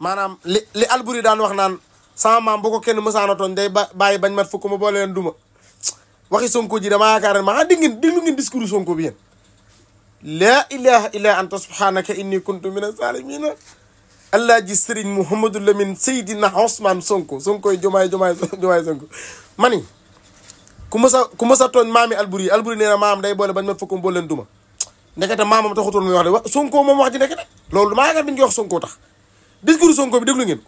maanaam li li Alburi daan wax naan sama maam bu ko kenn mësaana tooñ day bàyyi bañ mat fukk ma boole leen duma waxi sonko ji dama yaakaar ne maa ah, dégg ngeen déglu sonko bi yéen laa ilaha illa anta subhanaka inni kuntu min azalimina allah ji sëriñ Mouhamadou Lamine Seydina Ousmane Sonko Sonkoy jomaay jomaay jomaay Sonko mani ku mës a ku mës a tooñ maami Alburi Alburi nee na maam day boole bañ ma fukk ma boole leen duma ndekete maamam taxutoon muy wax de wa Sonko moom wax ji ndekete loolu maa yaakaar bi ñu koy Sonko tax discours Sonko bi déglu ngeen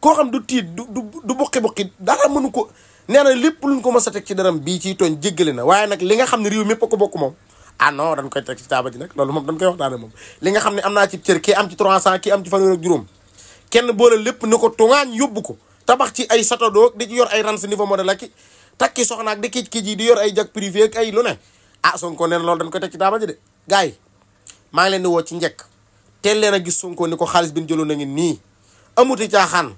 koo xam du tiit du du du buqi buqi dara mënu ko nee na lépp luñ ko mës a teg ci daram bii ciy tooñ jéggale na waaye nag li nga xam ne réew mépp ko bokk moom ah non koy teg ci taaba ji loolu moom dañ koy waxtaane moom li nga ne am naa ci cër kii am ci 300 kii am ci fanweer kenn boole lépp ko tuŋaañ yóbbu ko tabax ci ay satadoo di ci yor ay ran si niveau modèle ak takki soxna ak di kiij kiij yi di yor ay jag privé ak ay lu ne ah Sonko nee ci taaba ji de gars maa ngi leen woo ci njëkk teel leen a gis Sonko ni ko xaalis bi ñu jëloon na ngi nii amuti caaxaan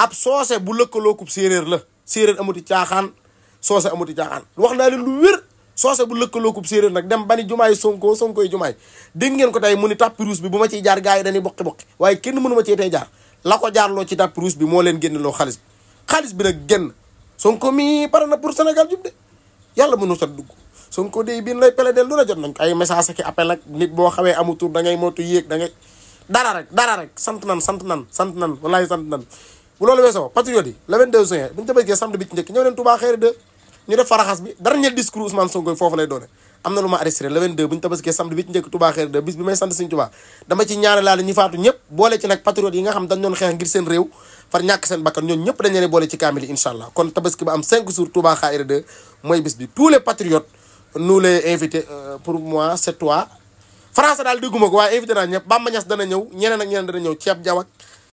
ab soose bu lëkkaloo kub séeréer la séeréer amuti caaxaan soose amuti caaxaan wax naa leen lu wér soose bu lëkkaloo kub séeréer nag dem ba bani jumaay sonko sonkoy jumaay dégg ngeen ko tey mu ni tappiruus bi bu ma ciy jaar gars yi dañuy bokki-bokki waaye kenn mënu ma cee tey jaar la ko jaarloo ci tappiruus bi moo leen génn loo xalis bi xaalis bi nag génn sonko mi pare na pour sénégal jub de yàlla mënu sot dugg sonko de biin lay pele del lu na jot nañ ko ay message ak appel ak nit boo xawee amu tur da ngay moytu yéeg da dara rek dara rek sant nan sant nan sant nan walaay sant nan bu loolu weesoo patriote yi le 22 juin bu ñu tabaskee samedi bi ci njëkk ñëw leen Touba Xayra 2 ñu am na lu ma arrêté le 22 bu ñu tabaskee samedi bi ci njëkk Touba Xayra 2 bis bi may sant suñu Touba dama ci ñaane laale ñi faatu ñëpp boole ci nag patriote yi mooy bis bi tous les patriotes nous les invités euh, pour moi c'est toi français daal dégguma ko waaye invité naa ñëpp Bamba Niass dana ñëw ñeneen ak ñeneen dana